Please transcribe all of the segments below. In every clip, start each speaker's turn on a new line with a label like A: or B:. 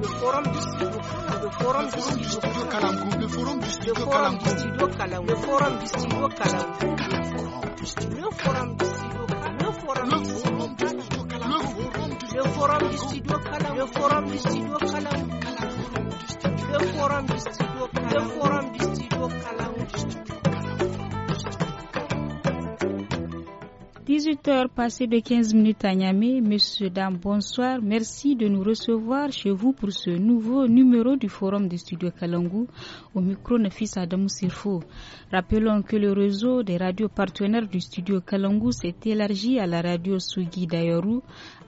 A: le forum du studio Kalangu, le forum du studio Kalangu, le forum du studio Kalangu, le forum du studio Kalangu, le forum
B: du studio Kalangu, le forum du studio Kalangu, le forum du studio Kalangu, le forum du studio Kalangu, le
A: forum du studio Kalangu, le forum du studio Kalangu, le forum du studio Kalangu,
C: 18 heures passé de 15 minutes à Niamey. Monsieur, dames, bonsoir. Merci de nous recevoir chez vous pour ce nouveau numéro du Forum du studio Kalangou au micro Nefis Adam Sirfo. Rappelons que le réseau des radios partenaires du studio Kalangou s'est élargi à la radio Sugi Dayoru,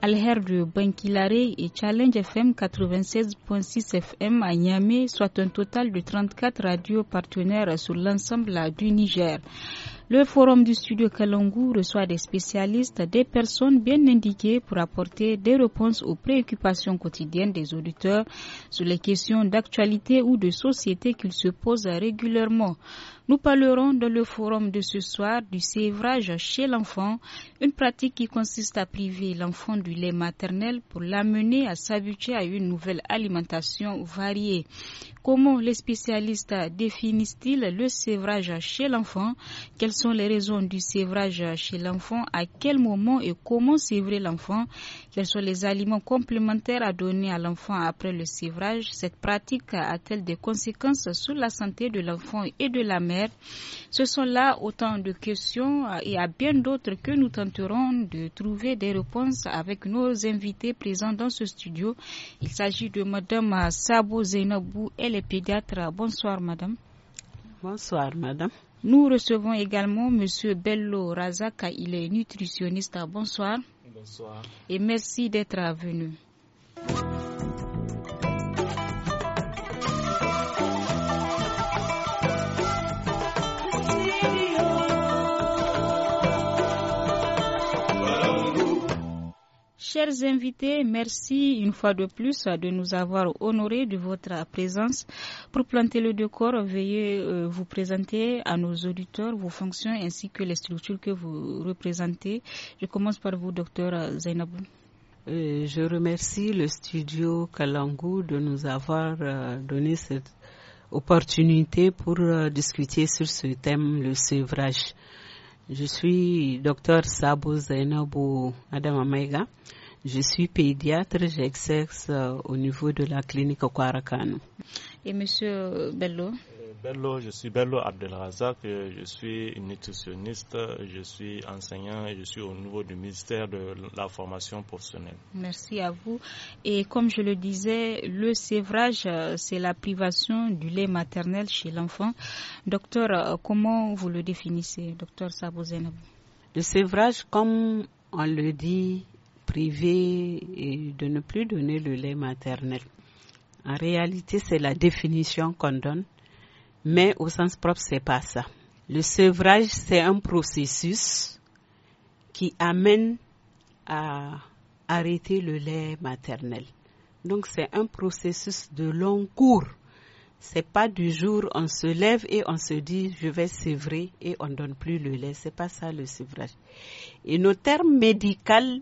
C: Alher de Bankilare et Challenge FM 96.6 FM à Niamey, soit un total de 34 radios partenaires sur l'ensemble du Niger. Le forum du studio Kalangu reçoit des spécialistes, des personnes bien indiquées pour apporter des réponses aux préoccupations quotidiennes des auditeurs sur les questions d'actualité ou de société qu'ils se posent régulièrement. Nous parlerons dans le forum de ce soir du sévrage chez l'enfant, une pratique qui consiste à priver l'enfant du lait maternel pour l'amener à s'habituer à une nouvelle alimentation variée. Comment les spécialistes définissent-ils le sévrage chez l'enfant Quelles sont les raisons du sévrage chez l'enfant À quel moment et comment sévrer l'enfant Quels sont les aliments complémentaires à donner à l'enfant après le sévrage Cette pratique a-t-elle des conséquences sur la santé de l'enfant et de la mère ce sont là autant de questions euh, et à bien d'autres que nous tenterons de trouver des réponses avec nos invités présents dans ce studio. Il s'agit de Madame euh, Sabo Zainabou, elle est pédiatre. Bonsoir Madame. Bonsoir Madame. Nous recevons également Monsieur Bello Razaka, il est nutritionniste. Bonsoir. Bonsoir. Et merci d'être venu. Chers invités, merci une fois de plus de nous avoir honorés de votre présence. Pour planter le décor, veuillez euh, vous présenter à nos auditeurs vos fonctions ainsi que les structures que vous représentez. Je commence par vous, docteur Zainabou.
B: Euh, je remercie le studio Kalangou de nous avoir euh, donné cette opportunité pour discuter sur ce thème, le sevrage. Je suis docteur Sabo Zainabou Adamamaiga. Je suis pédiatre, j'exerce euh, au niveau de la clinique Kwarakano.
C: Et monsieur Bello euh,
A: Bello, je suis Bello Abdelrazak, euh, je suis nutritionniste, je suis enseignant et je suis au niveau du ministère de la formation professionnelle.
C: Merci à vous. Et comme je le disais, le sévrage, c'est la privation du lait maternel chez l'enfant. Docteur, comment vous le définissez, docteur Sabozenabou
B: Le sévrage, comme on le dit, privé et de ne plus donner le lait maternel. En réalité, c'est la définition qu'on donne, mais au sens propre, c'est pas ça. Le sevrage, c'est un processus qui amène à arrêter le lait maternel. Donc, c'est un processus de long cours. C'est pas du jour on se lève et on se dit je vais sevrer et on donne plus le lait. C'est pas ça le sevrage. Et nos termes médicaux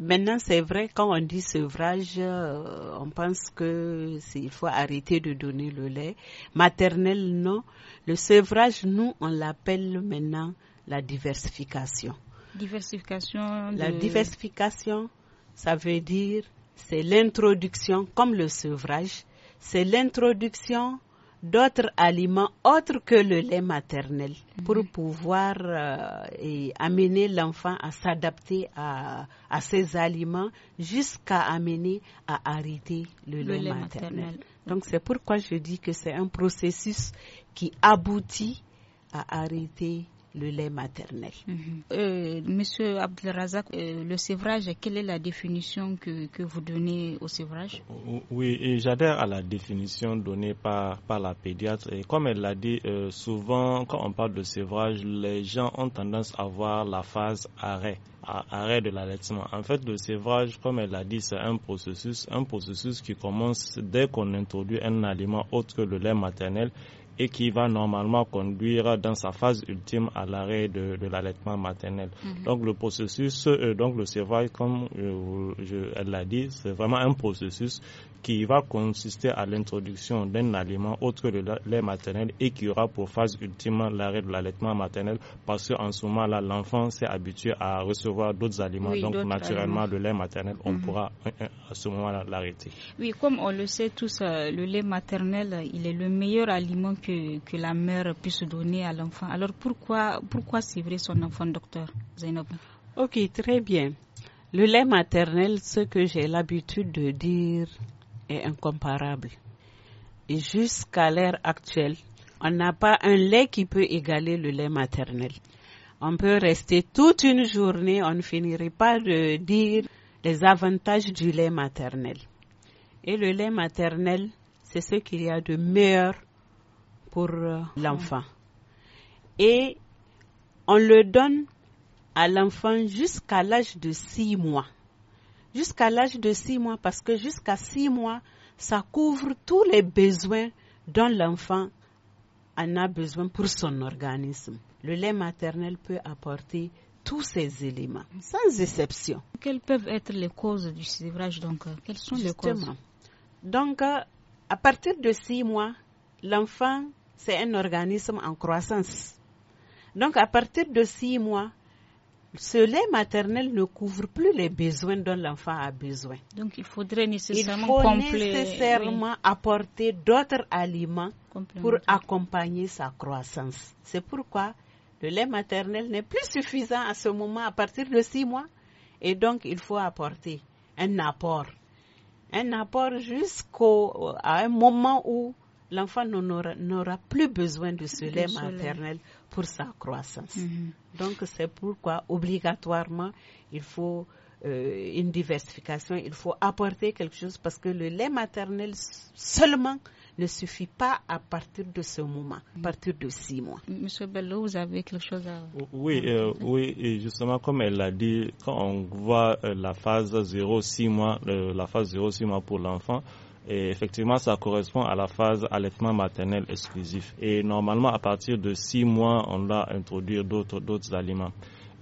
B: maintenant, c'est vrai, quand on dit sevrage, euh, on pense que faut arrêter de donner le lait. Maternel, non. Le sevrage, nous, on l'appelle maintenant la diversification.
C: Diversification. La diversification,
B: ça veut dire, c'est l'introduction, comme le sevrage, c'est l'introduction d'autres aliments autres que le lait maternel pour pouvoir euh, amener l'enfant à s'adapter à, à, ces aliments jusqu'à amener à arrêter le, lait, maternel. Donc c'est pourquoi je dis que c'est un processus qui aboutit à arrêter le lait maternel.
C: Mhm. Euh, monsieur Abdelrazak, euh, le sévrage, quelle est la définition que, que vous donnez au sévrage oh,
A: oh, Oui, j'adhère à la définition donnée par, par la pédiatre. Et comme elle l'a dit, euh, souvent, quand on parle de sévrage, les gens ont tendance à voir la phase arrêt arrêt de l'allaitement. En fait, le sévrage, comme elle l'a dit, c'est un processus, un processus qui commence dès qu'on introduit un aliment autre que le lait maternel et qui va normalement conduire dans sa phase ultime à l'arrêt de, l'allaitement maternel. Mhm. Donc le processus, euh, donc le cerveau, comme euh, elle l'a dit, c'est vraiment un processus qui va consister à l'introduction d'un aliment autre que le lait maternel et qui aura pour phase ultime l'arrêt de l'allaitement maternel parce qu'en ce moment-là, l'enfant s'est habitué à recevoir d'autres aliments. Donc, naturellement, le lait maternel, on mhm. pourra euh, euh, à ce moment-là l'arrêter.
C: Oui, comme on le sait tous, euh, le lait maternel, il est le meilleur aliment que, que la mère puisse donner à l'enfant. Alors, pourquoi, pourquoi vrai son enfant, docteur Zainab
B: Ok, très bien. Le lait maternel, ce que j'ai l'habitude de dire incomparable. Et jusqu'à l'ère actuelle, on n'a pas un lait qui peut égaler le lait maternel. On peut rester toute une journée, on ne finirait pas de dire les avantages du lait maternel. Et le lait maternel, c'est ce qu'il y a de meilleur pour euh, l'enfant. Et on le donne à l'enfant jusqu'à l'âge de six mois jusqu'à l'âge de 6 mois, parce que jusqu'à 6 mois, ça couvre tous les besoins dont l'enfant en a besoin pour son organisme. Le lait maternel peut apporter tous ces éléments, sans exception. Quelles peuvent être les causes du sévrage donc euh, Quelles sont les causes Donc, euh, à partir de 6 mois, l'enfant, c'est un organisme en croissance. Donc, à partir de 6 mois, ce lait maternel ne couvre plus les besoins dont l'enfant a besoin. Donc il faudrait nécessairement, il faut nécessairement apporter d'autres aliments pour accompagner sa croissance. C'est pourquoi le lait maternel n'est plus suffisant à ce moment à partir de six mois et donc il faut apporter un apport. Un apport jusqu'à un moment où l'enfant n'aura plus besoin de ce lait maternel pour sa croissance. Mm-hmm. Donc c'est pourquoi obligatoirement il faut euh, une diversification, il faut apporter quelque chose parce que le lait maternel seulement ne suffit pas à partir de ce moment, à mm-hmm. partir de six mois. Monsieur Bello, vous avez quelque chose à...
A: Oui, euh, oui justement, comme elle l'a dit, quand on voit euh, la phase 0-6 mois, la phase 0-6 mois pour l'enfant, et effectivement, ça correspond à la phase allaitement maternel exclusif. Et normalement, à partir de six mois, on doit introduire d'autres d'autres aliments.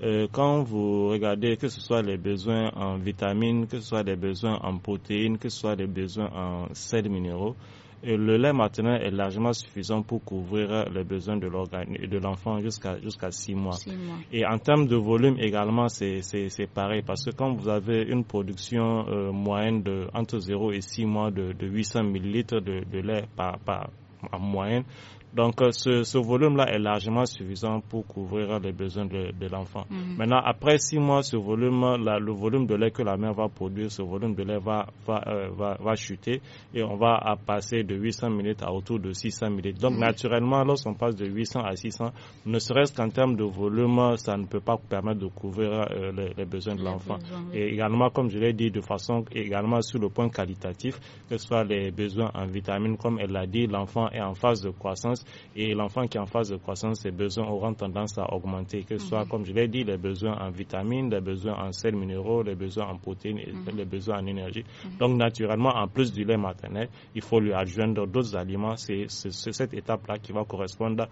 A: Euh, quand vous regardez que ce soit les besoins en vitamines, que ce soit des besoins en protéines, que ce soit des besoins en sels minéraux, le lait maternel est largement suffisant pour couvrir les besoins de l'enfant jusqu'à jusqu'à six mois. Et en termes de volume également, c'est pareil parce que quand vous avez une production euh, moyenne de entre 0 et 6 mois de, 800 millilitres de, lait par, en moyenne, donc euh, ce, volume-là est largement suffisant pour couvrir les besoins de, l'enfant. Mhm. Maintenant, après six mois, ce volume, le volume de lait que la mère va produire, ce volume de lait va, va, euh, va, chuter et on va passer de 800 minutes à autour de 600 minutes. Donc mhm. naturellement, lorsqu'on passe de 800 à 600, ne serait-ce qu'en termes de volume, ça ne peut pas permettre de couvrir euh, les, besoins de l'enfant. Et également, comme je l'ai dit, de façon également sur le point qualitatif, que ce soit les besoins en vitamines, comme elle l'a dit, l'enfant est en phase de croissance et l'enfant qui est en phase de croissance, ses besoins auront tendance à augmenter, que ce soit, mhm. comme je l'ai dit, les besoins en vitamines, les besoins en sels minéraux, les besoins en protéines, mhm. les besoins en énergie. Mhm. Donc, naturellement, en plus du lait maternel, il faut lui adjoindre d'autres aliments. C'est cette étape-là qui va correspondre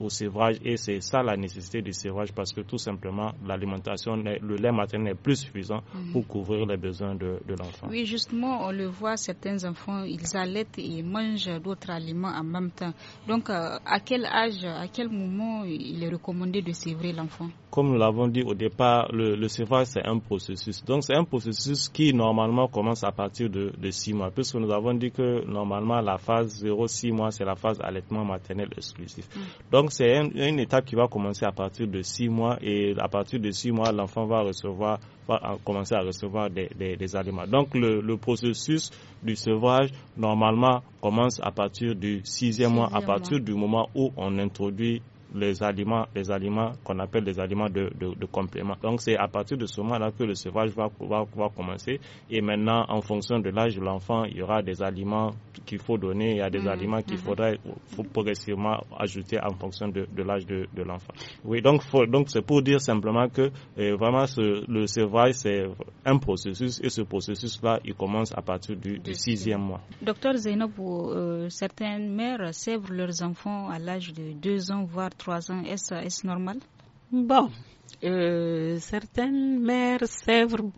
A: au sévrage et c'est ça la nécessité du sévrage parce que tout simplement, l'alimentation, le lait maternel n'est plus suffisant pour couvrir les besoins de, de l'enfant.
C: Oui, justement, on le voit, certains enfants, ils allaitent et mangent d'autres aliments en même temps. Donc, euh, à quel âge, à quel moment il est recommandé de sévrer l'enfant
A: Comme nous l'avons dit au départ, le, sévrage, c'est un processus. Donc, c'est un processus qui, normalement, commence à partir de, de 6 mois, puisque nous avons dit que, normalement, la phase 0-6 mois, c'est la phase allaitement maternel exclusif. Mm. Donc, c'est une étape qui va commencer à partir de 6 mois, et à partir de 6 mois, l'enfant va recevoir va commencer à recevoir des, aliments. Donc le, processus du sévrage, normalement, commence à partir du sixième mois, à partir du moment où on introduit les aliments, les aliments qu'on appelle les aliments de, de, de complément. Donc c'est à partir de ce moment-là que le sevrage va, va, va, commencer. Et maintenant, en fonction de l'âge de l'enfant, il y aura des aliments qu'il faut donner, il y a des mhm, aliments qu'il mhm. faudrait progressivement ajouter en fonction de, de l'âge de, de l'enfant. Oui, donc donc c'est pour dire simplement que eh, vraiment ce, le sevrage c'est un processus et ce processus-là il commence à partir du, sixième mois.
C: Docteur Zeynep, euh, certaines mères sèvrent leurs enfants à l'âge de deux ans voire trois ans, est-ce normal Bon,
A: euh,
B: certaines mères sèvrent,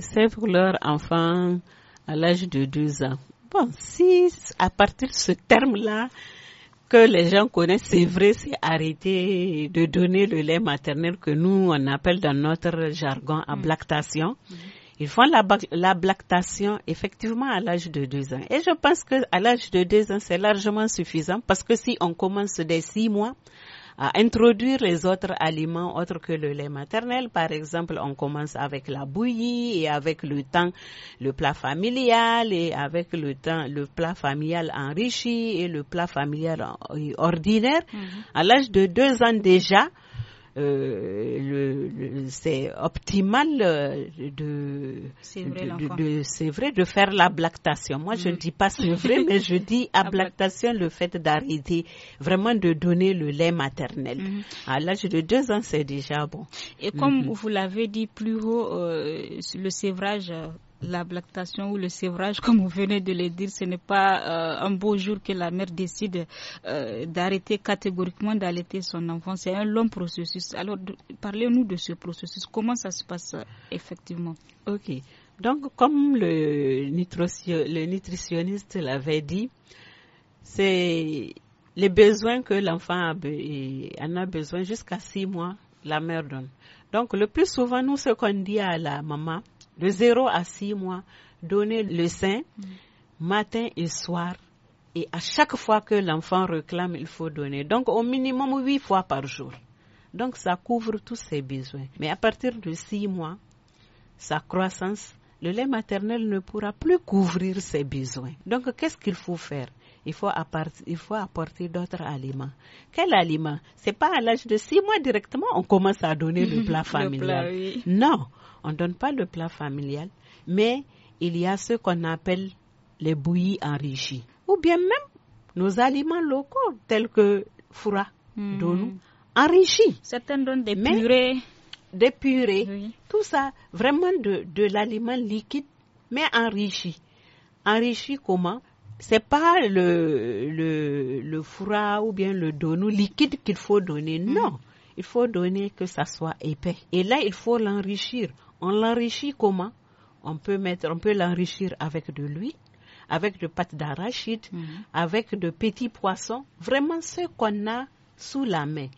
B: sèvrent leurs enfants à l'âge de 2 ans. Bon, si à partir de ce terme-là, que les gens connaissent, c'est vrai, c'est arrêter de donner le lait maternel que nous, on appelle dans notre jargon ablactation. Mm. Mm. Ils font la la effectivement à l'âge de deux ans. Et je pense que à l'âge de deux ans, c'est largement suffisant parce que si on commence dès six mois, à introduire les autres aliments autres que le lait maternel. Par exemple, on commence avec la bouillie et avec le temps, le plat familial et avec le temps, le plat familial enrichi et le plat familial ordinaire. Mm-hmm. À l'âge de deux ans déjà, euh, le, c'est optimal euh, de c'est vrai, de, c'est vrai de faire l'ablactation. Moi, je ne mm. dis pas c'est vrai, mais je dis ablactation, le fait d'arrêter, vraiment de donner le lait maternel. Mm-hmm. Ah, à l'âge de deux ans, c'est déjà bon. Et comme mm-hmm.
C: vous l'avez dit plus haut, euh, le sévrage euh, la lactation ou le sévrage, comme vous venez de le dire, ce n'est pas euh, un beau jour que la mère décide euh, d'arrêter catégoriquement d'allaiter son enfant. C'est un long processus. Alors, parlez-nous de ce processus. Comment ça se passe euh, effectivement Ok. Donc, comme le, le
B: nutritionniste l'avait dit, c'est les besoins que l'enfant en a besoin jusqu'à six mois, la mère donne. Donc, le plus souvent, nous, ce qu'on dit à la maman, de 0 à 6 mois, donner le sein matin et soir. Et à chaque fois que l'enfant réclame, il faut donner. Donc au minimum 8 fois par jour. Donc ça couvre tous ses besoins. Mais à partir de 6 mois, sa croissance, le lait maternel ne pourra plus couvrir ses besoins. Donc qu'est-ce qu'il faut faire il faut, apporter, il d'autres aliments. Quel aliment C'est pas à l'âge de six mois directement on commence à donner le plat familial. Non, on ne donne pas le plat familial, mais il y a ce qu'on appelle les bouillies enrichies ou bien même nos aliments locaux tels que foura, hmm. enrichis. Certains donnent des purées. Des purées, tout ça, vraiment de l'aliment liquide, mais enrichi. Enrichi comment c'est pas le, le, le froid ou bien le donou liquide qu'il faut donner. Mm. Non. Il faut donner que ça soit épais. Et là, il faut l'enrichir. On l'enrichit comment? On peut mettre, on peut l'enrichir avec de l'huile, avec de pâte d'arachide, mm. avec de petits poissons. Vraiment ce qu'on a sous la main.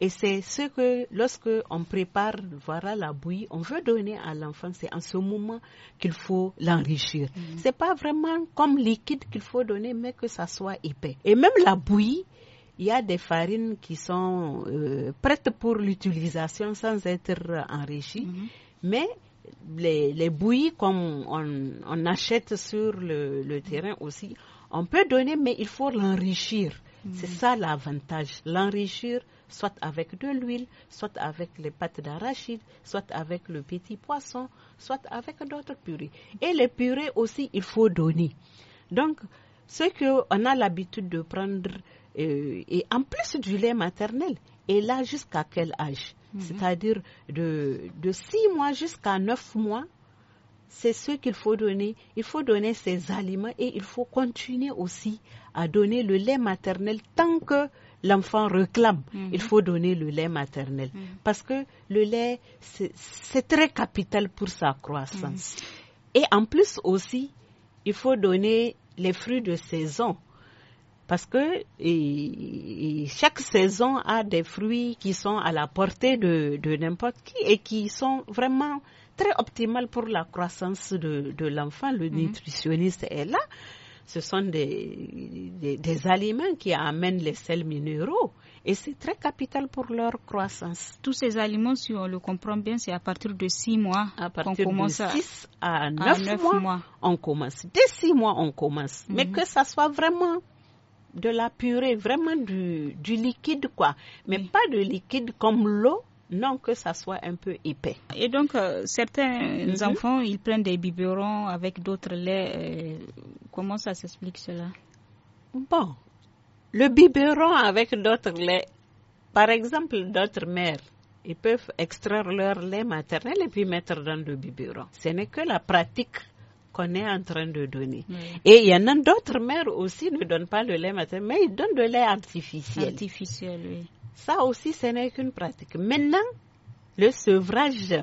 B: Et c'est ce que lorsque on prépare voilà la bouillie, on veut donner à l'enfant, c'est en ce moment qu'il faut l'enrichir. Mm. C'est pas vraiment comme liquide qu'il faut donner, mais que ça soit épais. Et même la bouillie, il y a des farines qui sont euh, prêtes pour l'utilisation sans être enrichies, mm-hmm. mais les, les, bouillies comme on, on achète sur le, terrain aussi, on peut donner, mais il faut l'enrichir. Mm. C'est ça l'avantage, l'enrichir soit avec de l'huile, soit avec les pâtes d'arachide, soit avec le petit poisson, soit avec d'autres purées. Et les purées aussi, il faut donner. Donc, ce qu'on a l'habitude de prendre, euh, et en plus du lait maternel, et là jusqu'à quel âge mhm. C'est-à-dire de, de 6 mois jusqu'à 9 mois, c'est ce qu'il faut donner. Il faut donner ces aliments et il faut continuer aussi à donner le lait maternel tant que l'enfant réclame, mhm. il faut donner le lait maternel. Mhm. Parce que le lait, c'est très capital pour sa croissance. Mhm. Et en plus aussi, il faut donner les fruits de saison. Parce que chaque saison a des fruits qui sont à la portée de, n'importe qui et qui sont vraiment très optimales pour la croissance de, de l'enfant. Le nutritionniste est là ce sont des, des, des aliments qui amènent les sels minéraux
C: et c'est très capital pour leur croissance. Tous ces aliments, si on le comprend bien, c'est à partir de 6 mois. À partir de
B: 6 à 9 mois, on commence. Dès 6 mois, on commence. Mais mhm. que ça soit vraiment de la purée, vraiment du, du liquide, quoi. Mais pas de liquide comme l'eau non que ça soit un peu épais.
C: Et donc, euh, certains mhm. enfants, ils prennent des biberons avec d'autres laits. Euh, comment ça s'explique cela Bon,
B: le biberon avec d'autres laits, par exemple, d'autres mères, ils peuvent extraire leur lait maternel et puis mettre dans le biberon. Ce n'est que la pratique qu'on est en train de donner. Et il y en a d'autres mères aussi ne donnent pas le lait maternel, mais ils donnent de lait artificiel. Artificiel, oui. Ça aussi, ce n'est qu'une pratique. Maintenant, le sevrage,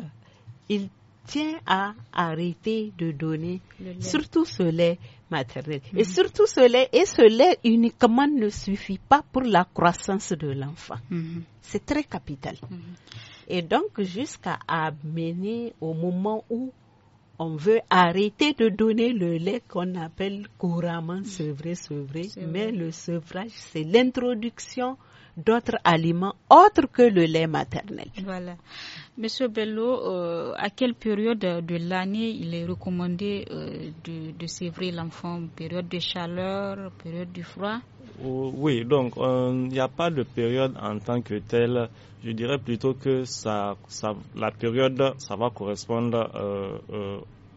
B: il tient à arrêter de donner surtout ce lait maternel. Et mm-hmm. surtout ce lait, et ce lait uniquement ne suffit pas pour la croissance de l'enfant. Mm-hmm. C'est très capital. Mm-hmm. Et donc, jusqu'à amener au moment où on veut arrêter de donner le lait qu'on appelle couramment sevré, sevré, mais le sevrage, c'est l'introduction d'autres aliments autres que le lait maternel.
C: Voilà. Monsieur Bello, euh, à quelle période de l'année il est recommandé euh, de, de sévrer l'enfant Période de chaleur, période du froid
A: oh, oui, donc euh, il n'y a pas de période en tant que telle. Je dirais plutôt que la période, ça va correspondre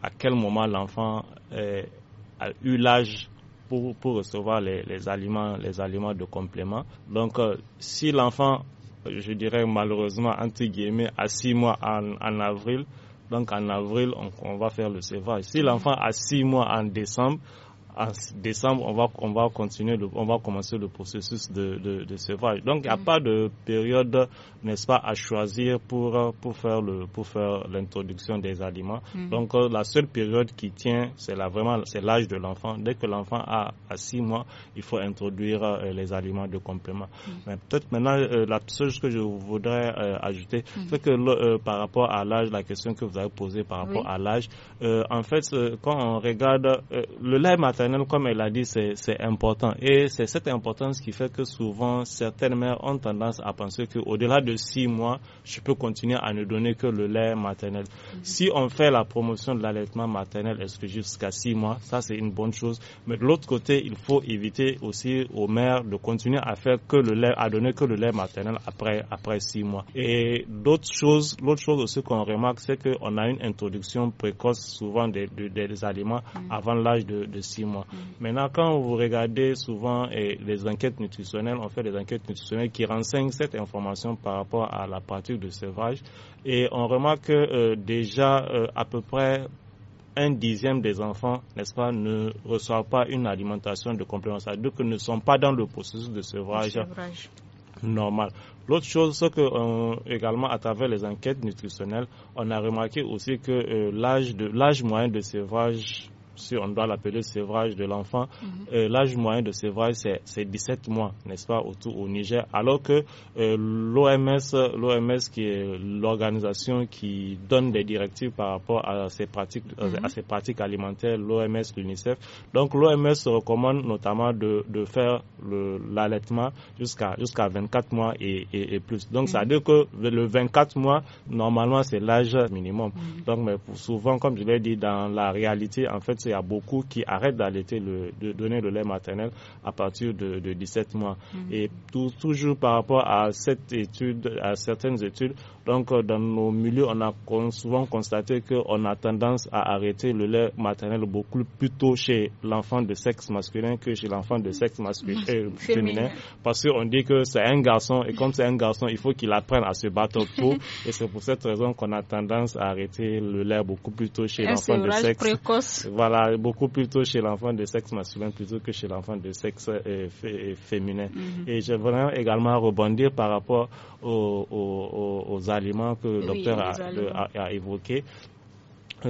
A: à quel moment l'enfant a eu l'âge pour, pour recevoir les, aliments, les aliments de complément. Donc, euh, si l'enfant, je dirais malheureusement, entre guillemets, à six mois en, avril, donc en avril, on, va faire le sévage. Si l'enfant a six mois en décembre, en décembre, on va, on va continuer, on va commencer le processus de, de, de Donc, il n'y a mm. pas de période, n'est-ce pas, à choisir pour, pour faire le, pour faire l'introduction des aliments. Mm. Donc, euh, la seule période qui tient, c'est là vraiment, c'est l'âge de l'enfant. Dès que l'enfant a, a six mois, il faut introduire euh, les aliments de complément. Mm. Mais peut-être maintenant, euh, la seule chose que je voudrais ajouter, c'est que par rapport à l'âge, la question que vous avez posée par rapport à l'âge, en fait, quand on regarde le lait maternel, comme elle a dit, c'est important. Et c'est cette importance qui fait que souvent, certaines mères ont tendance à penser qu'au-delà de six mois, je peux continuer à ne donner que le lait maternel. Mm-hmm. Si on fait la promotion de l'allaitement maternel, est-ce que jusqu'à six mois, ça c'est une bonne chose. Mais de l'autre côté, il faut éviter aussi aux mères de continuer à faire que le lait, à donner que le lait maternel après, après six mois. Et d'autres choses, l'autre chose aussi qu'on remarque, c'est qu'on a une introduction précoce souvent des, des, aliments mm. avant l'âge de, de six mois. Mm. Maintenant, quand vous regardez souvent eh, les enquêtes nutritionnelles, on fait des enquêtes nutritionnelles qui renseignent cette information par rapport à la pratique de sévrage, Et on remarque que euh, déjà euh, à peu près un dixième des enfants, n'est-ce pas, ne reçoivent pas une alimentation de complément. donc ne sont pas dans le processus de sevrage, normal. L'autre chose, c'est que euh, également à travers les enquêtes nutritionnelles, on a remarqué aussi que l'âge moyen de sevrage si on doit l'appeler sévrage de l'enfant, mhm. euh, l'âge moyen de sévrage, c'est 17 mois, n'est-ce pas, autour au Niger, alors que euh, l'OMS, l'OMS qui est l'organisation qui donne des directives par rapport à ces pratiques, euh, mhm. à ces pratiques alimentaires, l'OMS, l'UNICEF. Donc l'OMS recommande notamment de, faire l'allaitement jusqu'à jusqu'à 24 mois et, plus. Donc ça mhm. veut dire que le 24 mois, normalement, c'est l'âge minimum. Donc mais souvent, comme je l'ai dit, dans la réalité, en fait, il y a beaucoup qui arrêtent d'allaiter de donner le lait maternel à partir de, 17 mois. Mm. Et toujours par rapport à cette étude, à certaines études, donc, euh, dans nos milieux, on a souvent constaté qu'on a tendance à arrêter le lait maternel beaucoup plus tôt chez l'enfant de sexe masculin que chez l'enfant de sexe masculin, euh, féminin, parce qu'on dit que c'est un garçon, et comme c'est un garçon, il faut qu'il apprenne à se battre tôt, et c'est pour cette raison qu'on a tendance à arrêter le lait beaucoup plus tôt chez l'enfant de sexe. Précoce. Voilà, beaucoup plus tôt chez l'enfant de sexe masculin plutôt que chez l'enfant de sexe euh, féminin. Mhm. Et je voudrais également rebondir par rapport aux, aux aliments que le docteur a, évoqué.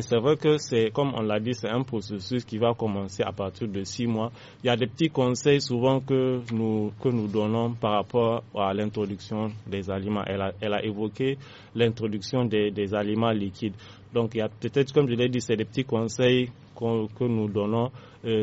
A: C'est vrai que c'est, comme on l'a dit, c'est un processus qui va commencer à partir de six mois. Il y a des petits conseils souvent que nous, que nous donnons par rapport à l'introduction des aliments. Elle a, évoqué l'introduction des, aliments liquides. Donc, il y a peut-être, comme je l'ai dit, c'est des petits conseils que nous donnons.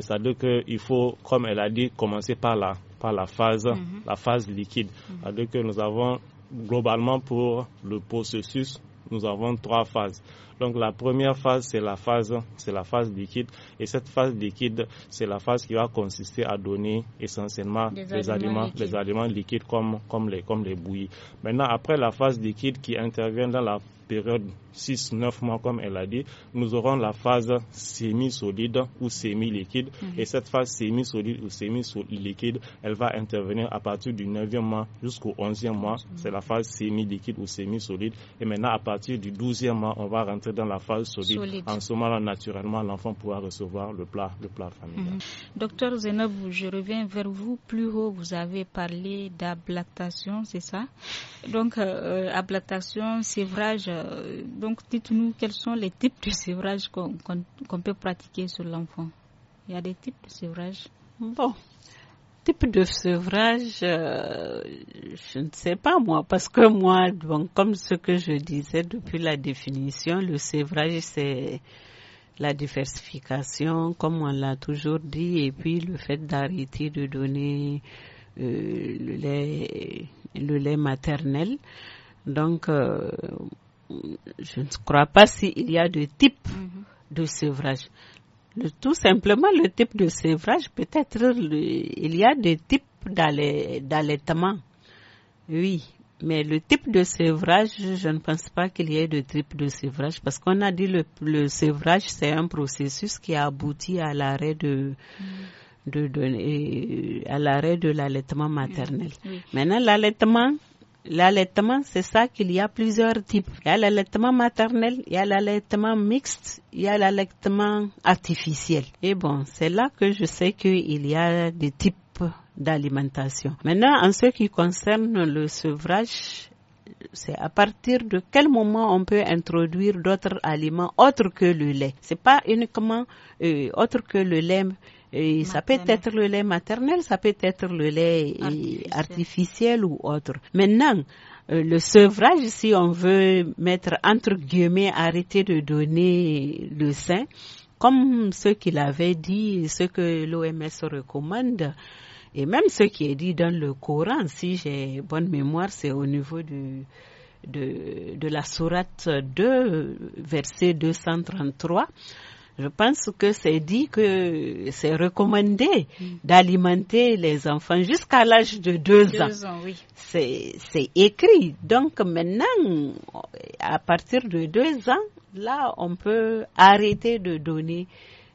A: ça veut dire qu'il faut, comme elle a dit, commencer par la, par la phase, mm-hmm. la phase liquide. Ça mm-hmm. veut dire que nous avons globalement, pour le processus, nous avons trois phases. Donc la première phase, c'est la phase, c'est la phase liquide. Et cette phase liquide, c'est la phase qui va consister à donner essentiellement des les aliments, aliments liquides comme, comme les, comme les bouillies. Maintenant, après la phase liquide qui intervient dans la période 6, 9 mois, comme elle a dit, nous aurons la phase semi-solide ou semi-liquide. Mhm. Et cette phase semi-solide ou semi-liquide, elle va intervenir à partir du 9e mois jusqu'au 11e mois. Mhm. C'est la phase semi-liquide ou semi-solide. Et maintenant, à partir du 12e mois, on va rentrer dans la phase solide. En ce moment-là, naturellement, l'enfant pourra recevoir le plat, le plat familial.
C: Mhm. Docteur Zenob, je reviens vers vous. Plus haut, vous avez parlé d'ablactation, c'est ça Donc, euh, euh ablactation, sévrage. Euh, donc, dites-nous quels sont les types de sevrage qu'on peut pratiquer sur l'enfant. Il y a des types de sevrage. Bon,
B: type de sevrage, euh, je ne sais pas moi, parce que moi, comme ce que je disais depuis la définition, le sevrage, c'est la diversification, comme on l'a toujours dit, et puis le fait d'arrêter de donner euh, le, lait, maternel. Donc, euh, je ne crois pas s'il y a de type mhm. de sevrage. tout simplement le type de sevrage, peut-être il y a des types d'allaitement. Oui, mais le type de sevrage, je ne pense pas qu'il y ait de type de sevrage parce qu'on a dit le, le sevrage, c'est un processus qui aboutit à l'arrêt de, mhm. euh, à l'arrêt de l'allaitement maternel. Maintenant, l'allaitement, L'allaitement, c'est ça qu'il y a plusieurs types. Il y a l'allaitement maternel, il y a l'allaitement mixte, il y a l'allaitement artificiel. Et bon, c'est là que je sais qu'il y a des types d'alimentation. Maintenant, en ce qui concerne le sevrage, c'est à partir de quel moment on peut introduire d'autres aliments autres que le lait. C'est pas uniquement euh, autre que le lait, et ça peut être le lait maternel, ça peut être le lait euh, artificiel, ou autre. Maintenant, euh, le sevrage, si on veut mettre entre guillemets, arrêter de donner le sein, comme ce qu'il avait dit, ce que l'OMS recommande, et même ce qui est dit dans le Coran, si j'ai bonne mémoire, c'est au niveau du, de, de la sourate 2, verset 233. Je pense que c'est dit que c'est recommandé mm. d'alimenter les enfants jusqu'à l'âge de deux, ans. C'est écrit. Donc maintenant, à partir de deux ans, là, on peut arrêter de donner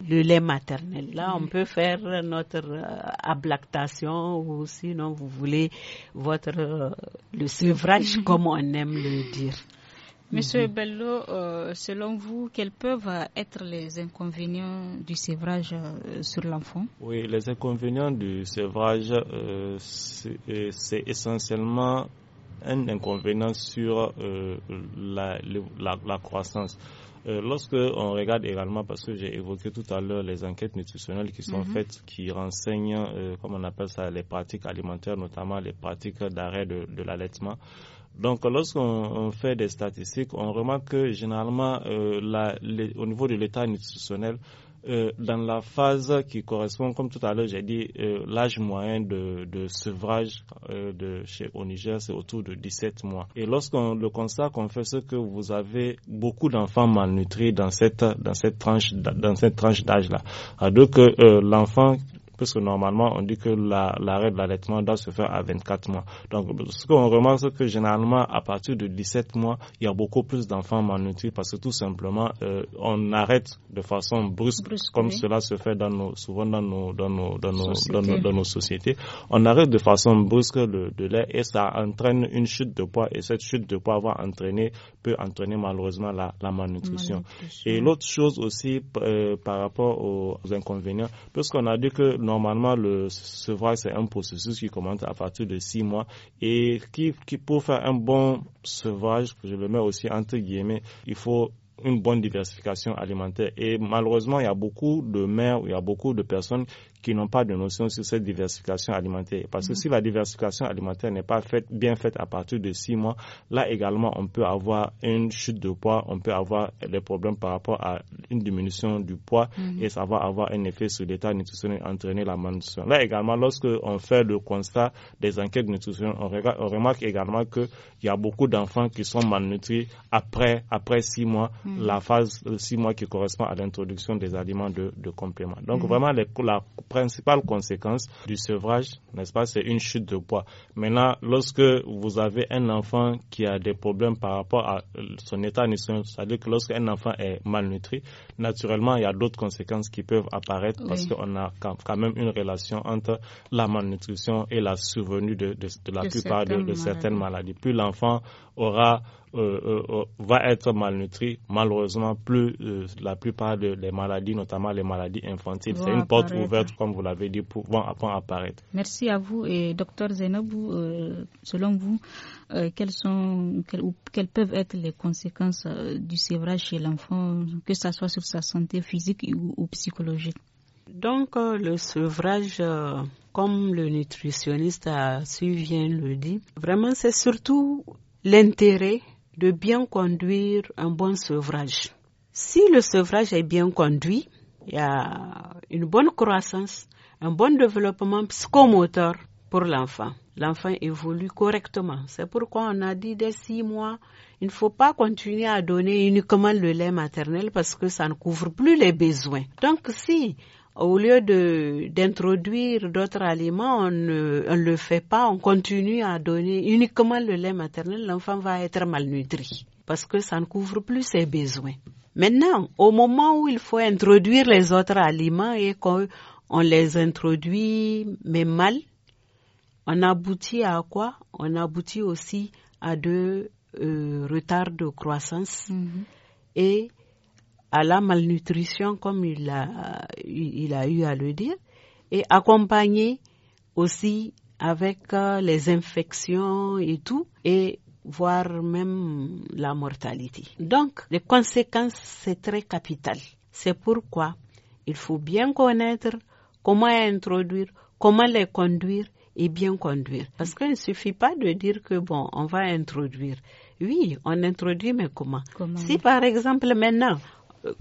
B: le lait maternel. Là, on peut faire notre euh, ablactation ou sinon vous voulez votre euh, le sevrage comme on aime le dire.
C: Monsieur mhm. Bello, euh, selon vous, quels peuvent être les inconvénients du sévrage euh, sur l'enfant
A: Oui, les inconvénients du sévrage, euh, c'est essentiellement un inconvénient sur la, croissance. lorsque on regarde également, parce que j'ai évoqué tout à l'heure les enquêtes nutritionnelles qui sont mhm. faites, qui renseignent, comme on appelle ça, les pratiques alimentaires, notamment les pratiques d'arrêt de l'allaitement. Donc, lorsqu'on fait des statistiques, on remarque que généralement, euh, la, au niveau de l'état institutionnel, euh, dans la phase qui correspond, comme tout à l'heure, j'ai dit, euh, l'âge moyen de, sevrage de chez au Niger, c'est autour de 17 mois. Et lorsqu'on le constate, on fait, ce que vous avez beaucoup d'enfants malnutris dans cette dans cette tranche dans tranche d'âge là. Alors que l'enfant parce que normalement on dit que l'arrêt de l'allaitement doit se faire à 24 mois. Donc ce qu'on remarque, c'est que généralement à partir de 17 mois, il y a beaucoup plus d'enfants malnutris parce que tout simplement euh, on arrête de façon brusque, comme cela se fait dans nos, souvent dans nos, sociétés. On arrête de façon brusque le, de lait et ça entraîne une chute de poids et cette chute de poids va peut entraîner malheureusement la, malnutrition. Et l'autre chose aussi euh, par rapport aux inconvénients, puisqu'on a dit que normalement, le sevrage, c'est un processus qui commence à partir de six mois et qui, pour faire un bon sevrage, je le mets aussi entre guillemets, il faut une bonne diversification alimentaire. Et malheureusement, il y a beaucoup de mères, il y a beaucoup de personnes qui n'ont pas de notion sur cette diversification alimentaire. Parce que mm. si la diversification alimentaire n'est pas faite, bien faite à partir de six mois, là également, on peut avoir une chute de poids, on peut avoir des problèmes par rapport à une diminution du poids mm. et ça va avoir un effet sur l'état nutritionnel, entraîner la malnutrition. Là également, lorsque on fait le constat des enquêtes nutritionnelles, on, remarque également qu'il y a beaucoup d'enfants qui sont malnutris après, après six mois, mm. la phase six mois qui correspond à l'introduction des aliments de, de complément. Donc vraiment, les, la principale conséquence du sevrage, n'est-ce pas, c'est une chute de poids. Maintenant, lorsque vous avez un enfant qui a des problèmes par rapport à euh, son état nutritionnel, c'est-à-dire que lorsqu'un enfant est malnutri, naturellement, il y a d'autres conséquences qui peuvent apparaître parce qu'on a quand même une relation entre la malnutrition et la survenue de, la plupart de, certaines maladies. Plus l'enfant aura euh, euh, va être malnutri. Malheureusement, plus euh, la plupart des maladies, notamment les maladies infantiles, c'est une porte ouverte, comme vous l'avez dit, pour vont, apparaître.
C: Merci à vous. Et docteur Zenobou, selon vous, quelles, sont, quelles, peuvent être les conséquences du sevrage chez l'enfant, que ce soit sur sa santé physique ou, psychologique donc,
B: le sevrage, comme le nutritionniste a su bien le dit, vraiment, c'est surtout l'intérêt de bien conduire un bon sevrage. Si le sevrage est bien conduit, il y a une bonne croissance, un bon développement psychomoteur pour l'enfant. L'enfant évolue correctement. C'est pourquoi on a dit dès six mois, il ne faut pas continuer à donner uniquement le lait maternel parce que ça ne couvre plus les besoins. Donc si au lieu de d'introduire d'autres aliments, on ne le fait pas, on continue à donner uniquement le lait maternel, l'enfant va être malnutri parce que ça ne couvre plus ses besoins. Maintenant, au moment où il faut introduire les autres aliments et qu'on les introduit mais mal, on aboutit à quoi On aboutit aussi à de euh, retards de croissance mm-hmm. et à la malnutrition, comme il a, il a eu à le dire, et accompagné aussi avec euh, les infections et tout, et voire même la mortalité. Donc, les conséquences, c'est très capital. C'est pourquoi il faut bien connaître comment introduire, comment les conduire et bien conduire. Parce qu'il ne suffit pas de dire que, bon, on va introduire. Oui, on introduit, mais comment Si par exemple maintenant,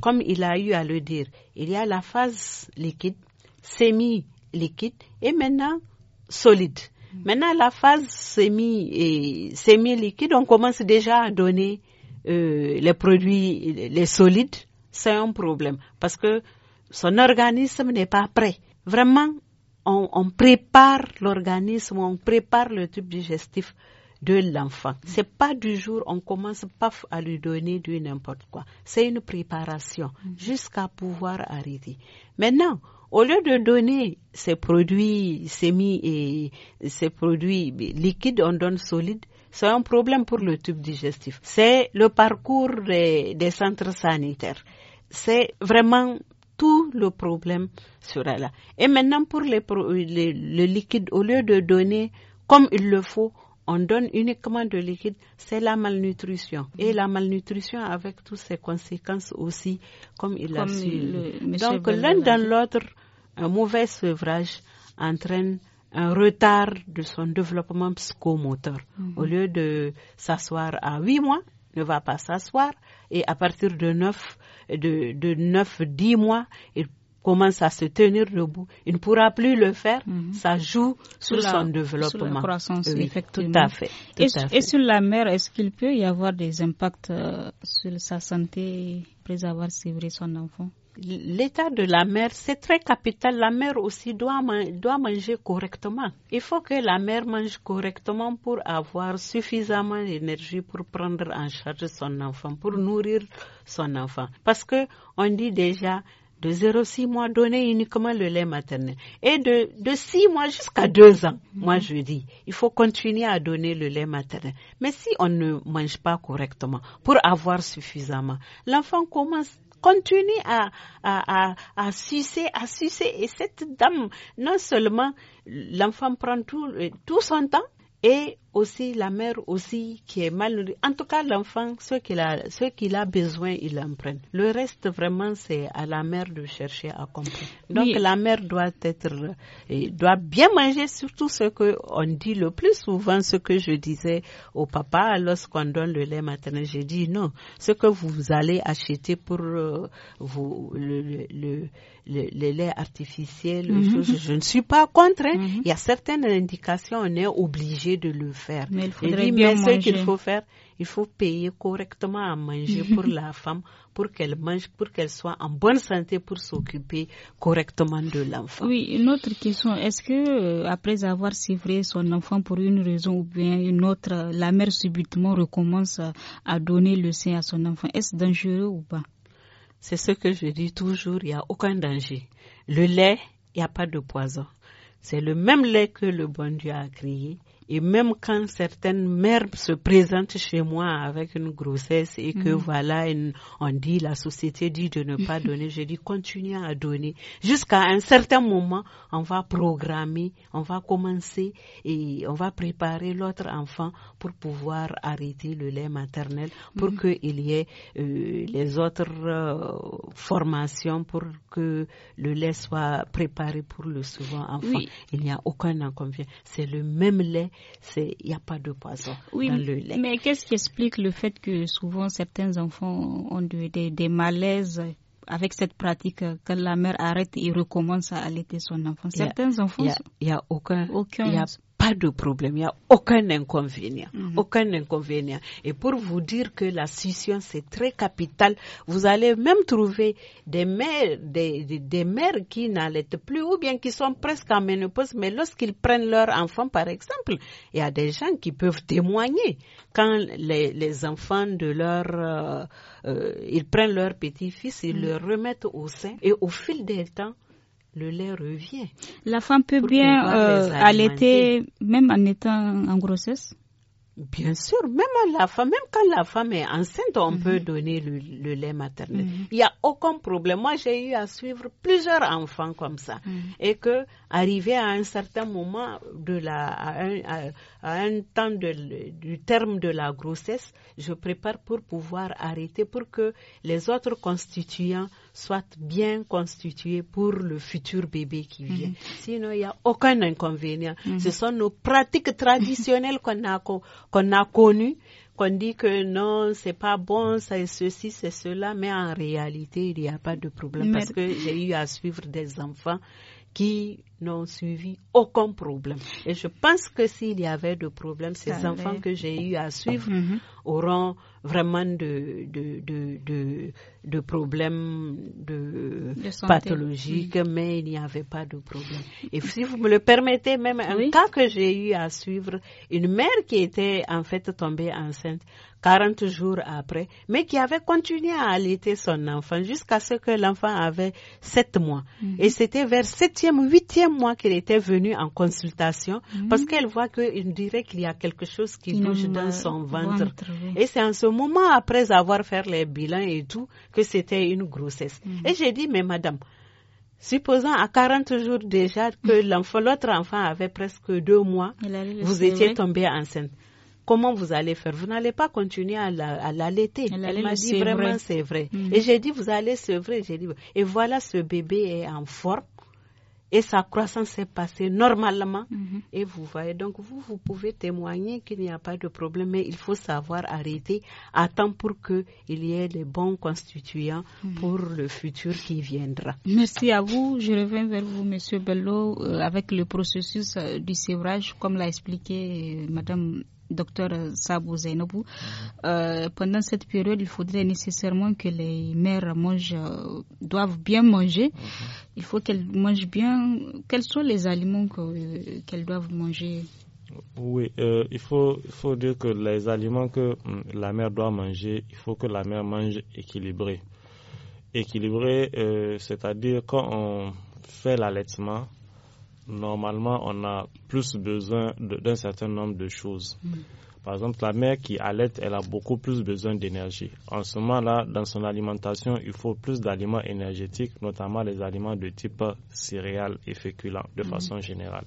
B: comme il a eu à le dire, il y a la phase liquide, semi-liquide et maintenant solide. Mm. Maintenant, la phase semi-liquide, on commence déjà à donner euh, les produits, les solides. C'est un problème parce que son organisme n'est pas prêt. Vraiment, on, on prépare l'organisme, on prépare le tube digestif de l'enfant. C'est pas du jour on commence pas à lui donner du n'importe quoi. C'est une préparation mhm. jusqu'à pouvoir arriver. Maintenant, au lieu de donner ces produits semi et ces produits liquides, on donne solide. C'est un problème pour le tube digestif. C'est le parcours des, centres sanitaires. C'est vraiment tout le problème sur là. Et maintenant, pour les, le liquide, au lieu de donner comme il le faut, on donne uniquement de liquide, c'est la malnutrition. Et la malnutrition avec toutes ses conséquences aussi, comme il a su. Donc l'un dans l'autre, un mauvais sevrage entraîne un retard de son développement psychomoteur. Mhm. Au lieu de s'asseoir à 8 mois, ne va pas s'asseoir et à partir de 9, de, de 9, 10 mois, il commence à se tenir debout, il ne pourra plus le faire, mhm. ça joue
C: sur, son développement. Sur la croissance, Tout à fait. et, et, sur la mère, est-ce qu'il peut y avoir des impacts euh, sur sa santé après avoir sévré son enfant L'état de la mère, c'est très capital. La mère
B: aussi doit, doit manger correctement. Il faut que la mère mange correctement pour avoir suffisamment d'énergie pour prendre en charge son enfant, pour nourrir son enfant. Parce que on dit déjà, de 0,6 mois, donner uniquement le lait maternel. Et de, de 6 mois jusqu'à 2 ans, mhm. moi je dis, il faut continuer à donner le lait maternel. Mais si on ne mange pas correctement pour avoir suffisamment, l'enfant commence continue à, à, à, à, sucer, à sucer. Et cette dame, non seulement l'enfant prend tout, euh, tout son temps, et aussi la mère aussi qui est mal nourrie. En tout cas, l'enfant, ce qu'il a, ce qu'il a besoin, il en prenne Le reste, vraiment, c'est à la mère de chercher à comprendre. Donc, la mère doit être, doit bien manger, surtout ce que on dit le plus souvent, ce que je disais au papa lorsqu'on donne le lait maternel. J'ai dit non, ce que vous allez acheter pour euh, vous, le, le, le, lait artificiel, mhm. je ne suis pas contre. Hein. Mhm. Il y a certaines indications, on est obligé de le mais il faudrait bien ce qu'il faut faire, il faut payer correctement à manger pour la femme, pour qu'elle mange, pour qu'elle soit en bonne santé, pour s'occuper correctement de l'enfant. Oui,
C: une autre question. Est-ce que euh, après avoir sévré son enfant pour une raison ou bien une autre, la mère subitement recommence à donner le sein à son enfant Est-ce dangereux ou pas C'est ce que je dis toujours. Il n'y a aucun danger. Le lait, il n'y a
B: pas de poison. C'est le même lait que le bon Dieu a créé. Et même quand certaines mères se présentent chez moi avec une grossesse et que mhm. voilà, on dit, la société dit de ne pas donner, je dis continuez à donner. Jusqu'à un certain moment, on va programmer, on va commencer et on va préparer l'autre enfant pour pouvoir arrêter le lait maternel, pour mhm. qu'il y ait euh, les autres euh, formations, pour que le lait soit préparé pour
C: le second enfant. Il n'y a aucun inconvénient. C'est le même lait il n'y a pas de poison dans le lait. Mais qu'est-ce qui explique le fait que souvent certains enfants ont des malaises avec cette pratique que la mère arrête et recommence à allaiter son enfant. Certains enfants.
B: Il n'y a, aucun pas de problème, il n'y a aucun inconvénient, mhm. aucun inconvénient. Et pour vous dire que la scission c'est très capital, vous allez même trouver des mères, des, des, mères qui n'allaitent plus ou bien qui sont presque en ménopause, mais lorsqu'ils prennent leur enfant par exemple, il y a des gens qui peuvent témoigner quand les, les enfants de leur, euh, euh, ils prennent leur petit-fils, ils mhm. le remettent au sein et au fil des temps, le lait revient.
C: La femme peut bien euh, allaiter même en étant en grossesse
B: Bien sûr, même à la femme, même quand la femme est enceinte, on mhm. peut donner le, lait maternel. Mhm. Il n'y a aucun problème. Moi, j'ai eu à suivre plusieurs enfants comme ça, mhm. et que arrivé à un certain moment de la, à un, un temps de, du terme de la grossesse, je prépare pour pouvoir arrêter pour que les autres constituants soit bien constitué pour le futur bébé qui mhm. vient. Sinon, il n'y a aucun inconvénient. Mhm. Ce sont nos pratiques traditionnelles qu'on a, connues qu'on dit que non, c'est pas bon, ça et ceci, c'est cela, mais en réalité, il n'y a pas de problème parce que j'ai eu à suivre des enfants qui n'ont suivi aucun problème. Et je pense que s'il y avait de problèmes, ces enfants que j'ai eu à suivre mm-hmm. auront vraiment de, de, de, de, problèmes de, pathologiques, mm-hmm. mais il n'y avait pas de problème. Et mm-hmm. si vous me le permettez, même un cas que j'ai eu à suivre, une mère qui était en fait tombée enceinte 40 jours après, mais qui avait continué à allaiter son enfant jusqu'à ce que l'enfant avait 7 mois. Et c'était vers 7e, 8e mois qu'elle était venue en consultation, mm-hmm. parce qu'elle voit qu'il dirait qu'il y a quelque chose qui bouge dans son ventre. Et c'est en ce moment, après avoir fait les bilans et tout, que c'était une grossesse. Mm-hmm. Et j'ai dit, mais madame, supposant à 40 jours déjà que mm-hmm. l'enfant, l'autre enfant avait presque deux mois, vous étiez tombée enceinte comment vous allez faire Vous n'allez pas continuer à l'allaiter. Elle m'a dit vraiment c'est vrai. Et j'ai dit, vous allez sevrer. J'ai dit, et voilà, ce bébé est en forme et sa croissance s'est passée normalement. Mhm. Et vous voyez, donc vous, vous pouvez témoigner qu'il n'y a pas de problème, mais il faut savoir arrêter à temps pour qu'il y ait les bons constituants
C: mhm. pour le futur qui viendra. Merci à vous. Je reviens vers vous, Monsieur Bello, euh, avec le processus euh, du sévrage, comme l'a expliqué euh, Madame docteur Sabou Zainabou. Euh, pendant cette période, il faudrait nécessairement que les mères mangent, euh, doivent bien manger. Mhm. Il faut qu'elles mangent bien. Quels sont les aliments euh, qu'elles doivent manger
A: oui, il, faut, faut dire que les aliments que mm, la mère doit manger, il faut que la mère mange équilibré. Équilibré, c'est-à-dire quand on fait l'allaitement, normalement, on a plus besoin d'un certain nombre de choses. Mm. Par exemple, la mère qui allait, elle a beaucoup plus besoin d'énergie. En ce moment-là, dans son alimentation, il faut plus d'aliments énergétiques, notamment les aliments de type céréales et féculents, de mm. façon générale.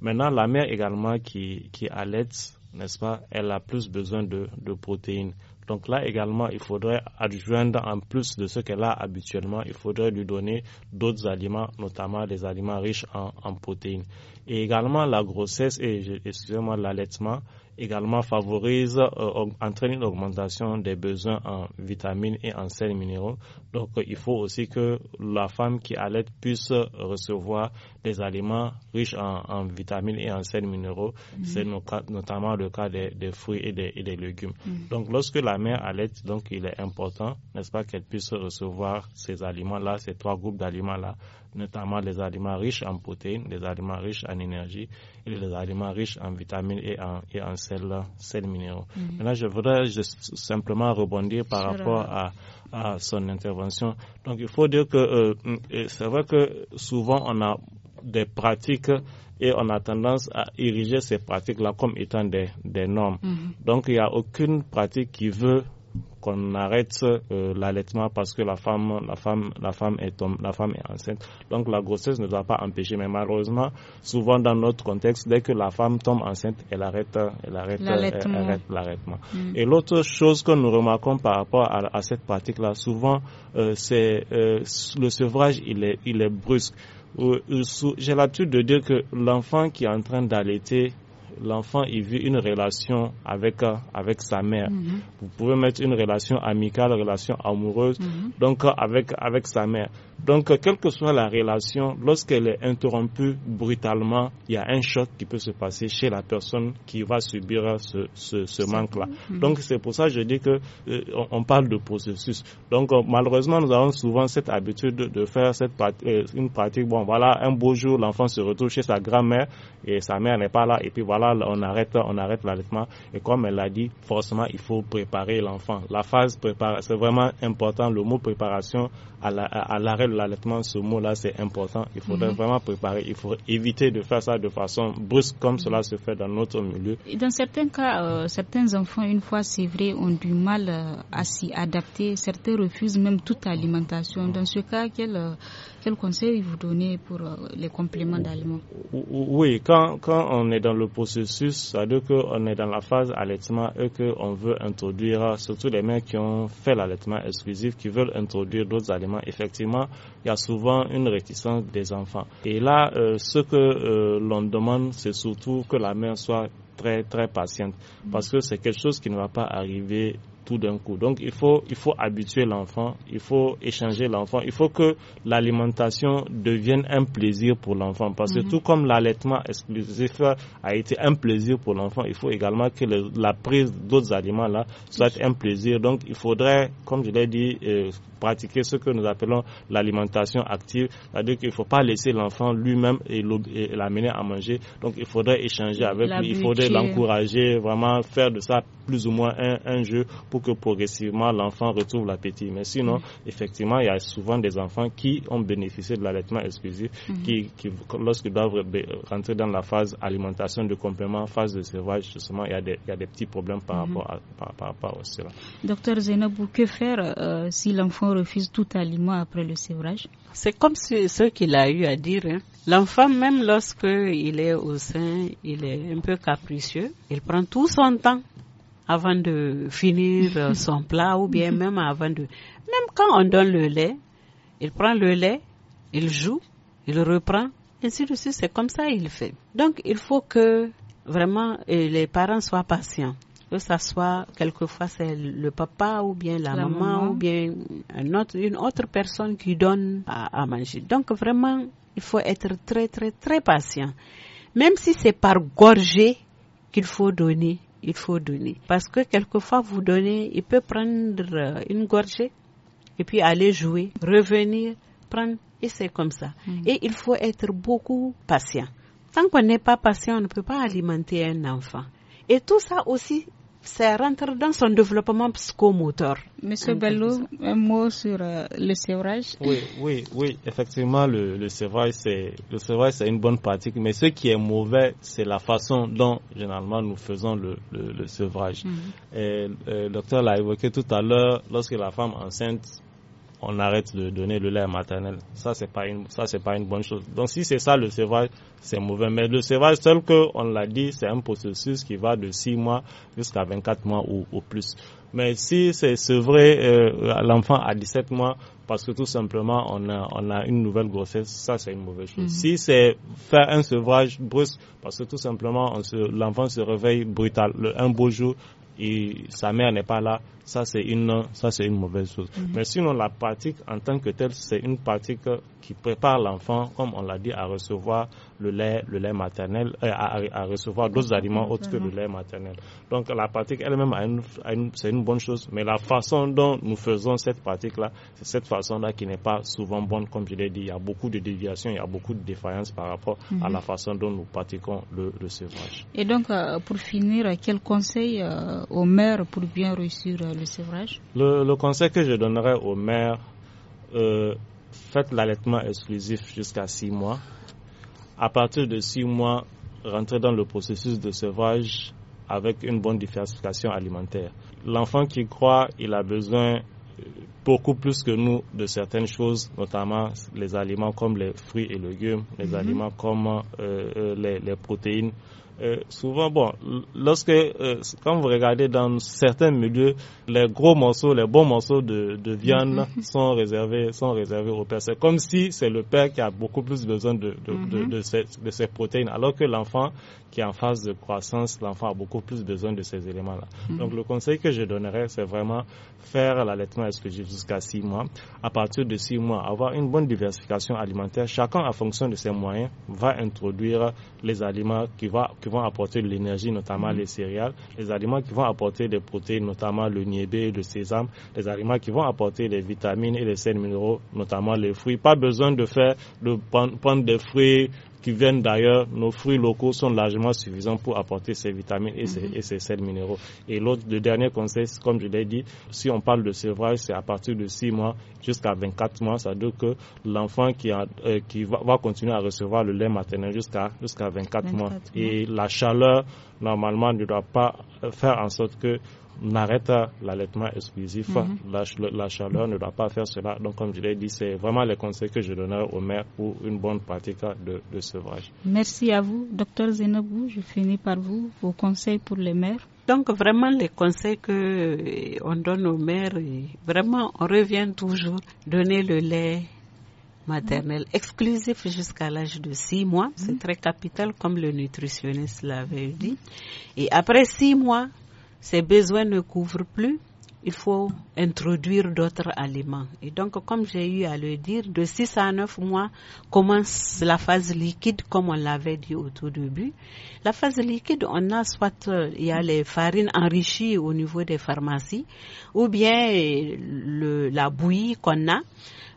A: Maintenant, la mère également qui, qui allait, n'est-ce pas, elle a plus besoin de, de, protéines. Donc là également, il faudrait adjoindre en plus de ce qu'elle a habituellement, il faudrait lui donner d'autres aliments, notamment des aliments riches en, en protéines. Et également la grossesse et, excusez-moi, l'allaitement, également favorise, euh, entraîne une augmentation des besoins en vitamines et en sels minéraux. Donc, euh, il faut aussi que la femme qui allait puisse recevoir des aliments riches en, vitamines et en sels minéraux. Mhm. C'est notamment le cas des, fruits et des, légumes. Mhm. Donc, lorsque la mère allait, donc, il est important, n'est-ce pas, qu'elle puisse recevoir ces aliments-là, ces trois groupes d'aliments-là notamment les aliments riches en protéines, les aliments riches en énergie et les aliments riches en vitamines et en, sels, sel minéraux. Mm-hmm. Maintenant, je voudrais simplement rebondir par rapport à, son intervention. Donc, il faut dire que euh, c'est vrai que souvent on a des pratiques et on a tendance à ériger ces pratiques-là comme étant des, normes. Mm-hmm. Donc, il n'y a aucune pratique qui veut qu'on arrête euh, l'allaitement parce que la femme, la femme, la femme est la femme est enceinte. Donc la grossesse ne doit pas empêcher, mais malheureusement, souvent dans notre contexte, dès que la femme tombe enceinte, elle arrête, elle arrête, l'allaitement. Mm. Et l'autre chose que nous remarquons par rapport à, à cette pratique-là, souvent, euh, c'est euh, le sevrage, il est, il est brusque. J'ai l'habitude de dire que l'enfant qui est en train d'allaiter l'enfant il vit une relation avec euh, avec sa mère. Mm-hmm. Vous pouvez mettre une relation amicale, relation amoureuse, mm-hmm. donc euh, avec avec sa mère. Donc euh, quelle que soit la relation, lorsqu'elle est interrompue brutalement, il y a un choc qui peut se passer chez la personne qui va subir ce, manque-là. Mm-hmm. Donc c'est pour ça que je dis que on, parle de processus. Donc malheureusement nous avons souvent cette habitude de, faire cette une pratique. Bon voilà un beau jour l'enfant se retrouve chez sa grand-mère et sa mère n'est pas là et puis voilà on arrête, on arrête l'allaitement. Et comme elle l'a dit, forcément, il faut préparer l'enfant. La phase préparation, c'est vraiment important. Le mot préparation à l'arrêt de l'allaitement, ce mot-là, c'est important. Il faudrait mhm. vraiment préparer. Il faut éviter de faire ça de façon brusque comme mhm. cela se fait dans notre milieu. Et
C: dans certains cas, euh, certains enfants, une fois, c'est vrai, ont du mal euh, à s'y adapter. Certains refusent même toute alimentation. Mhm. Dans ce cas, quel... Euh, quel conseil vous donnez pour euh, les compléments d'aliments
A: Oui, quand, on est dans le processus, c'est-à-dire qu'on est dans la phase allaitement et qu'on veut introduire, surtout les mères qui ont fait l'allaitement exclusif, qui veulent introduire d'autres aliments, effectivement, il y a souvent une réticence des enfants. Et là, euh, ce que euh, l'on demande, c'est surtout que la mère soit très très patiente parce que c'est quelque chose qui ne va pas arriver tout d'un coup. Donc il faut, il faut habituer l'enfant, il faut échanger l'enfant, il faut que l'alimentation devienne un plaisir pour l'enfant. Parce que mhm. tout comme l'allaitement exclusif a été un plaisir pour l'enfant, il faut également que la prise d'autres aliments là soit un plaisir. Donc il faudrait, comme je l'ai dit, euh, pratiquer ce que nous appelons l'alimentation active, c'est-à-dire qu'il ne faut pas laisser l'enfant lui-même et l'amener à manger. Donc il faudrait échanger avec lui, il faudrait l'encourager, vraiment faire de ça plus ou moins un, jeu pour que progressivement l'enfant retrouve l'appétit. Mais sinon, effectivement, il y a souvent des enfants qui ont bénéficié de l'allaitement exclusif, mhm. qui, lorsqu'ils doivent rentrer dans la phase alimentation de complément, phase de sévrage, justement, il y a des, petits problèmes par, mhm. rapport à, cela.
C: Docteur Zainabou, que faire euh, si l'enfant refuse tout aliment après le sévrage
B: C'est comme ce qu'il a eu à dire. Hein. L'enfant, même lorsqu'il est au sein, il est un peu capricieux. Il prend tout son temps avant de finir euh, son plat ou bien même avant de... Même quand on donne le lait, il prend le lait, il joue, il reprend, ainsi de suite. C'est comme ça qu'il fait. Donc, il faut que vraiment euh, les parents soient patients. Que ça soit, quelquefois c'est le papa ou bien la, maman, ou bien un autre, une autre personne qui donne à, manger. Donc vraiment, il faut être très très très patient. Même si c'est par gorgée qu'il faut donner, il faut donner. Parce que quelquefois vous donnez, il peut prendre euh, une gorgée et puis aller jouer, revenir, prendre, et c'est comme ça. Mm. Et il faut être beaucoup patient. Tant qu'on n'est pas patient, on ne peut pas alimenter un enfant. Et tout ça aussi, c'est rentrer dans son développement psychomoteur. Monsieur Bello, un mot sur
C: euh, le sévrage Oui,
A: oui, oui, effectivement, le, le sévrage, c'est une bonne pratique, mais ce qui est mauvais, c'est la façon dont, généralement, nous faisons le, le, le sévrage. Mhm. Et, euh, le docteur l'a évoqué tout à l'heure, lorsque la femme enceinte on arrête de donner le lait maternel. Ça, c'est pas une, ça, c'est pas une bonne chose. Donc, si c'est ça le sevrage, c'est mauvais. Mais le sevrage, tel que on l'a dit, c'est un processus qui va de 6 mois jusqu'à 24 mois ou, plus. Mais si c'est sevré, euh, l'enfant à 17 mois, parce que tout simplement on a, on a une nouvelle grossesse, ça c'est une mauvaise chose. Mm-hmm. Si c'est faire un sevrage brusque, parce que tout simplement l'enfant se réveille brutal, le, un beau jour, sa mère n'est pas là, ça c'est une, ça c'est une mauvaise chose. Mhm. Mais sinon, la pratique en tant que telle, c'est une pratique qui prépare l'enfant, comme on l'a dit, à recevoir le lait, le lait maternel, euh, à, à, recevoir d'autres aliments autres que le lait maternel. Donc la pratique elle-même, c'est une bonne chose, mais la façon dont nous faisons cette pratique-là, c'est cette façon-là qui n'est pas souvent bonne, comme je l'ai dit. Il y a beaucoup de déviations, il y a beaucoup de défaillances par rapport à la mhm. façon dont nous pratiquons le, sévrage
C: Et donc, euh, pour finir, quel conseil euh, aux pour bien réussir le sévrage
A: le, le, conseil que je donnerais aux maire faites l'allaitement exclusif jusqu'à six mois à partir de six mois, rentrer dans le processus de sevrage avec une bonne diversification alimentaire. L'enfant qui croit, il a besoin euh, beaucoup plus que nous de certaines choses, notamment les aliments comme les fruits et légumes, les mhm. aliments comme euh, euh, les, protéines, euh, souvent, bon, lorsque, euh, quand vous regardez dans certains milieux, les gros morceaux, les bons morceaux de, de viande mm-hmm. sont réservés, sont réservés au père. C'est comme si c'est le père qui a beaucoup plus besoin de, de, de, mm-hmm. de, ces, de ces protéines, alors que l'enfant qui est en phase de croissance, l'enfant a beaucoup plus besoin de ces éléments-là. Mm-hmm. Donc le conseil que je donnerais, c'est vraiment faire l'allaitement exclusif jusqu'à six mois. À partir de six mois, avoir une bonne diversification alimentaire. Chacun, en fonction de ses moyens, va introduire les aliments qui, vont apporter de l'énergie, notamment mm-hmm. les céréales, les aliments qui vont apporter des protéines, notamment le niébé, le sésame, les aliments qui vont apporter des vitamines et des sels minéraux, notamment les fruits. Pas besoin de faire de prendre des fruits qui viennent d'ailleurs, nos fruits locaux sont largement suffisants pour apporter ces vitamines et ces, mhm. sels minéraux. Et l'autre, le dernier conseil, comme je l'ai dit, si on parle de sevrage, c'est à partir de 6 mois jusqu'à 24 mois. Ça veut dire que l'enfant qui, euh, va, continuer à recevoir le lait maternel jusqu'à jusqu'à 24, mois. Et la chaleur, normalement, ne doit pas faire en sorte que n'arrête arrête l'allaitement exclusif. Mhm. la, chaleur ne doit pas faire cela. Donc, comme je l'ai dit, c'est vraiment les conseils que je donnerai aux mères pour une bonne pratique de, sevrage.
C: Merci à vous, docteur Zenobou. Je finis par vous, vos conseils pour les mères. Donc,
B: vraiment, les conseils qu'on euh, donne aux mères, euh, vraiment, on revient toujours donner le lait maternel exclusif jusqu'à l'âge de 6 mois. C'est mhm. très capital, comme le nutritionniste l'avait dit. Et après 6 mois, ces besoins ne couvrent plus, il faut introduire d'autres aliments. Et donc, comme j'ai eu à le dire, de 6 à 9 mois commence la phase liquide, comme on l'avait dit au tout début. La phase liquide, on a soit, il y a les farines enrichies au niveau des pharmacies, ou bien la bouillie qu'on a.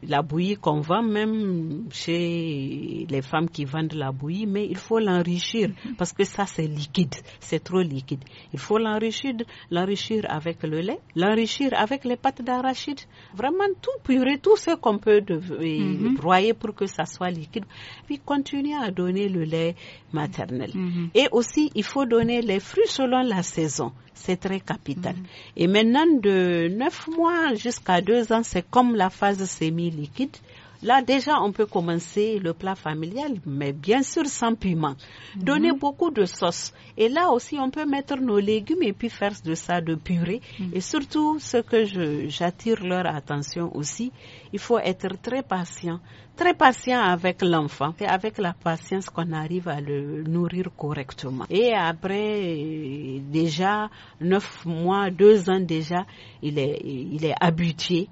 B: La bouillie qu'on vend même chez les femmes qui vendent la bouillie, mais il faut l'enrichir mhm. parce que ça c'est liquide, c'est trop liquide. Il faut l'enrichir, l'enrichir avec le lait, l'enrichir avec les pâtes d'arachide, vraiment tout purer, tout ce qu'on peut mhm. broyer pour que ça soit liquide. Puis continuer à donner le lait maternel. Mhm. Et aussi, il faut donner les fruits selon la saison. C'est très capital. Et maintenant, de neuf mois jusqu'à deux ans, c'est comme la phase sémile liquide. Là, déjà, on peut commencer le plat familial, mais bien sûr sans piment. Donner mhm. beaucoup de sauce. Et là aussi, on peut mettre nos légumes et puis faire de ça de purée. Mhm. Et surtout, ce que j'attire leur attention aussi, il faut être très patient. Très patient avec l'enfant. et avec la patience qu'on arrive à le nourrir correctement. Et après, déjà, neuf mois, deux ans déjà, il est, il est habitué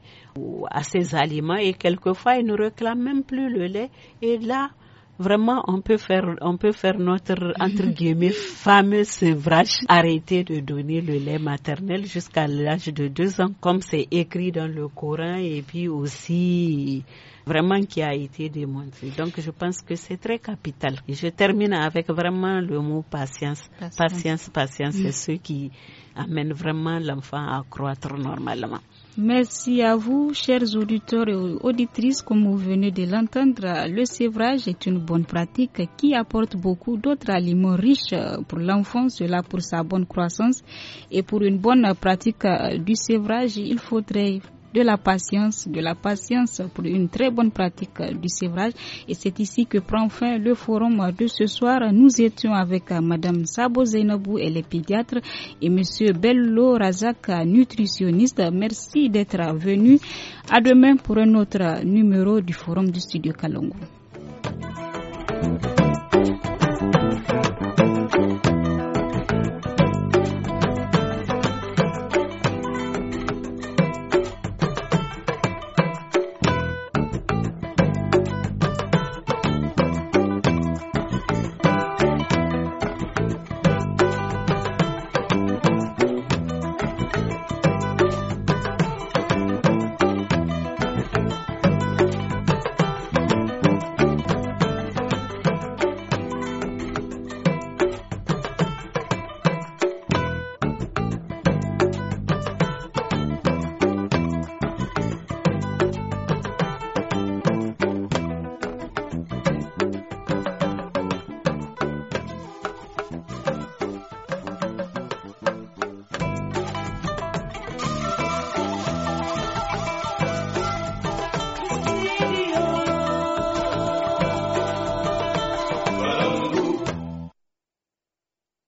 B: à ses aliments et quelquefois ils ne réclament même plus le lait. Et là, vraiment, on peut faire, on peut faire notre, entre guillemets, fameux sevrage, arrêter de donner le lait maternel jusqu'à l'âge de deux ans, comme c'est écrit dans le Coran et puis aussi vraiment qui a été démontré. Donc, je pense que c'est très capital. je termine avec vraiment le mot patience. Patience, patience, c'est mm. ce qui amène vraiment l'enfant à croître normalement.
C: Merci à vous, chers auditeurs et auditrices, comme vous venez de l'entendre. Le sévrage est une bonne pratique qui apporte beaucoup d'autres aliments riches pour l'enfant, cela pour sa bonne croissance. Et pour une bonne pratique du sévrage, il faudrait de la patience, de la patience pour une très bonne pratique du sévrage. Et c'est ici que prend fin le forum de ce soir. Nous étions avec euh, Madame Sabo Zainabou, elle est pédiatre, et Monsieur Bello Razak, nutritionniste. Merci d'être venu. À demain pour un autre numéro du forum du studio Kalongo.